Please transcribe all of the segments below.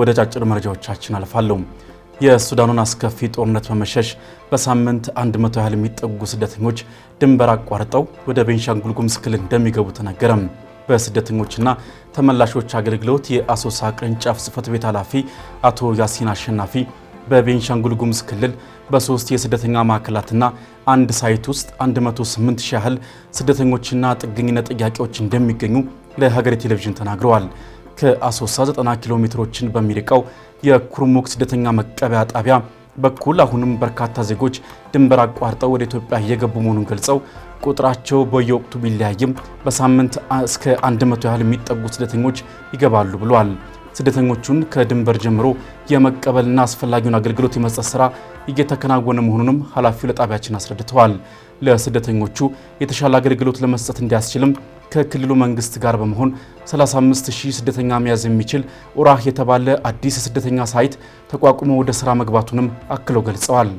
ወደ ጫጭር መረጃዎቻችን አልፋለሁ። የሱዳኑን አስከፊ ጦርነት በመሸሽ በሳምንት 100 ያህል የሚጠጉ ስደተኞች ድንበር አቋርጠው ወደ ቤንሻንጉል ጉሙዝ ክልል እንደሚገቡ ተነገረም። በስደተኞችና ተመላሾች አገልግሎት የአሶሳ ቅርንጫፍ ጽፈት ቤት ኃላፊ አቶ ያሲን አሸናፊ በቤንሻንጉል ጉሙዝ ክልል በሶስት የስደተኛ ማዕከላትና አንድ ሳይት ውስጥ 108 ሺህ ያህል ስደተኞችና ጥገኝነት ጥያቄዎች እንደሚገኙ ለሀገሬ ቴሌቪዥን ተናግረዋል። ከአሶሳ 90 ኪሎ ሜትሮችን በሚርቀው የኩርሙክ ስደተኛ መቀበያ ጣቢያ በኩል አሁንም በርካታ ዜጎች ድንበር አቋርጠው ወደ ኢትዮጵያ እየገቡ መሆኑን ገልጸው ቁጥራቸው በየወቅቱ ቢለያይም በሳምንት እስከ 100 ያህል የሚጠጉ ስደተኞች ይገባሉ ብሏል። ስደተኞቹን ከድንበር ጀምሮ የመቀበልና አስፈላጊውን አገልግሎት የመስጠት ስራ እየተከናወነ መሆኑንም ኃላፊው ለጣቢያችን አስረድተዋል። ለስደተኞቹ የተሻለ አገልግሎት ለመስጠት እንዲያስችልም ከክልሉ መንግስት ጋር በመሆን 35 ሺህ ስደተኛ መያዝ የሚችል ኡራህ የተባለ አዲስ የስደተኛ ሳይት ተቋቁሞ ወደ ስራ መግባቱንም አክለው ገልጸዋል።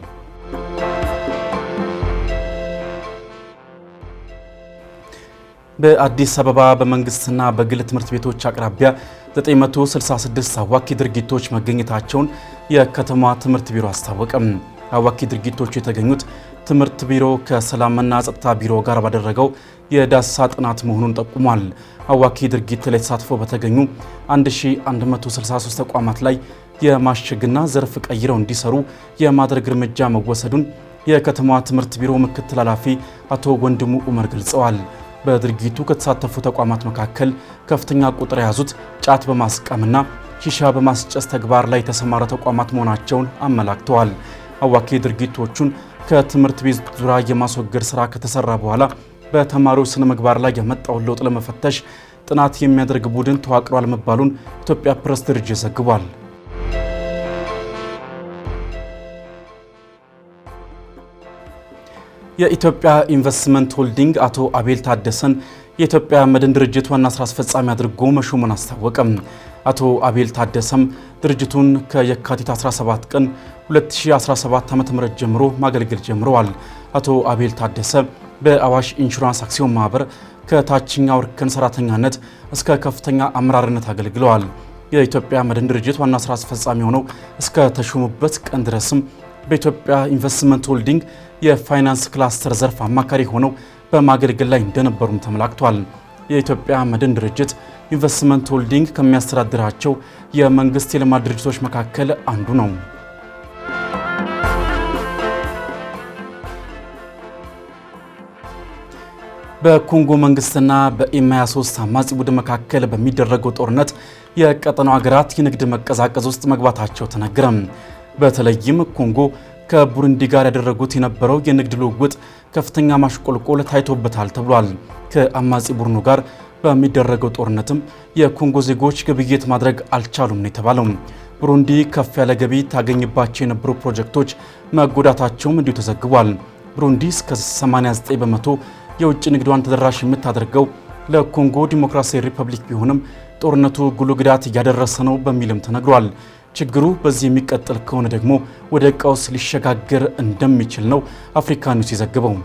በአዲስ አበባ በመንግስትና በግል ትምህርት ቤቶች አቅራቢያ 966 አዋኪ ድርጊቶች መገኘታቸውን የከተማ ትምህርት ቢሮ አስታወቀም። አዋኪ ድርጊቶቹ የተገኙት ትምህርት ቢሮ ከሰላምና ጸጥታ ቢሮ ጋር ባደረገው የዳሰሳ ጥናት መሆኑን ጠቁሟል። አዋኪ ድርጊት ላይ ተሳትፎ በተገኙ 1163 ተቋማት ላይ የማሸግና ዘርፍ ቀይረው እንዲሰሩ የማድረግ እርምጃ መወሰዱን የከተማዋ ትምህርት ቢሮ ምክትል ኃላፊ አቶ ወንድሙ ኡመር ገልጸዋል። በድርጊቱ ከተሳተፉ ተቋማት መካከል ከፍተኛ ቁጥር የያዙት ጫት በማስቀምና ሺሻ በማስጨስ ተግባር ላይ የተሰማረ ተቋማት መሆናቸውን አመላክተዋል። አዋኪ ድርጊቶቹን ከትምህርት ቤት ዙሪያ የማስወገድ ስራ ከተሰራ በኋላ በተማሪዎች ስነ ምግባር ላይ የመጣውን ለውጥ ለመፈተሽ ጥናት የሚያደርግ ቡድን ተዋቅሯል መባሉን ኢትዮጵያ ፕሬስ ድርጅት ዘግቧል። የኢትዮጵያ ኢንቨስትመንት ሆልዲንግ አቶ አቤል ታደሰን የኢትዮጵያ መድን ድርጅት ዋና ስራ አስፈጻሚ አድርጎ መሾሙን አስታወቀም። አቶ አቤል ታደሰም ድርጅቱን ከየካቲት 17 ቀን 2017 ዓ.ም ጀምሮ ማገልገል ጀምረዋል። አቶ አቤል ታደሰ በአዋሽ ኢንሹራንስ አክሲዮን ማህበር ከታችኛው እርከን ሰራተኛነት እስከ ከፍተኛ አመራርነት አገልግለዋል። የኢትዮጵያ መድን ድርጅት ዋና ስራ አስፈጻሚ ሆነው እስከ ተሾሙበት ቀን ድረስም በኢትዮጵያ ኢንቨስትመንት ሆልዲንግ የፋይናንስ ክላስተር ዘርፍ አማካሪ ሆነው በማገልገል ላይ እንደነበሩም ተመላክቷል። የኢትዮጵያ መድን ድርጅት ኢንቨስትመንት ሆልዲንግ ከሚያስተዳድራቸው የመንግስት የልማት ድርጅቶች መካከል አንዱ ነው። በኮንጎ መንግስትና በኢማያ 3 አማጺ ቡድን መካከል በሚደረገው ጦርነት የቀጠናው ሀገራት የንግድ መቀዛቀዝ ውስጥ መግባታቸው ተነግረም በተለይም ኮንጎ ከቡሩንዲ ጋር ያደረጉት የነበረው የንግድ ልውውጥ ከፍተኛ ማሽቆልቆል ታይቶበታል ተብሏል። ከአማጺ ቡድኑ ጋር በሚደረገው ጦርነትም የኮንጎ ዜጎች ግብይት ማድረግ አልቻሉም ነው የተባለው። ብሩንዲ ከፍ ያለ ገቢ ታገኝባቸው የነበሩ ፕሮጀክቶች መጎዳታቸውም እንዲሁ ተዘግቧል። ብሩንዲ እስከ 89 በመቶ የውጭ ንግዷን ተደራሽ የምታደርገው ለኮንጎ ዲሞክራሲያዊ ሪፐብሊክ ቢሆንም ጦርነቱ ጉልህ ጉዳት እያደረሰ ነው በሚልም ተነግሯል። ችግሩ በዚህ የሚቀጥል ከሆነ ደግሞ ወደ ቀውስ ሊሸጋገር እንደሚችል ነው አፍሪካ ኒውስ የዘግበው።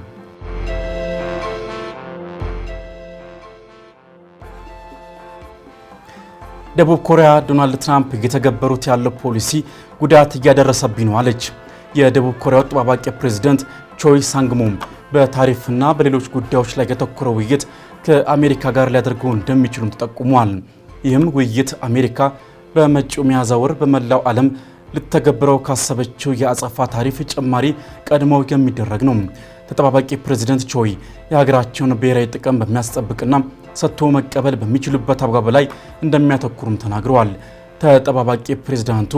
ደቡብ ኮሪያ ዶናልድ ትራምፕ እየተገበሩት ያለው ፖሊሲ ጉዳት እያደረሰብኝ ነው አለች። የደቡብ ኮሪያ ተጠባባቂ ፕሬዝደንት ቾይ ሳንግሞም በታሪፍና በሌሎች ጉዳዮች ላይ የተኮረ ውይይት ከአሜሪካ ጋር ሊያደርገው እንደሚችሉም ተጠቁሟል። ይህም ውይይት አሜሪካ በመጪው ሚያዝያ ወር በመላው ዓለም ልተገብረው ካሰበችው የአጸፋ ታሪፍ ጭማሪ ቀድሞው የሚደረግ ነው። ተጠባባቂ ፕሬዚደንት ቾይ የሀገራቸውን ብሔራዊ ጥቅም በሚያስጠብቅና ሰጥቶ መቀበል በሚችሉበት አግባብ ላይ እንደሚያተኩሩም ተናግረዋል። ተጠባባቂ ፕሬዚዳንቱ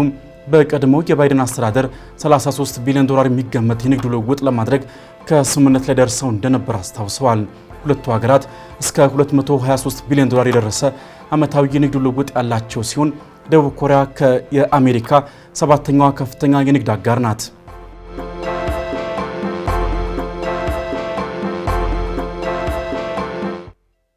በቀድሞው የባይደን አስተዳደር 33 ቢሊዮን ዶላር የሚገመት የንግድ ልውውጥ ለማድረግ ከስምምነት ላይ ደርሰው እንደነበር አስታውሰዋል። ሁለቱ ሀገራት እስከ 223 ቢሊዮን ዶላር የደረሰ ዓመታዊ የንግድ ልውውጥ ያላቸው ሲሆን ደቡብ ኮሪያ ከአሜሪካ ሰባተኛዋ ከፍተኛ የንግድ አጋር ናት።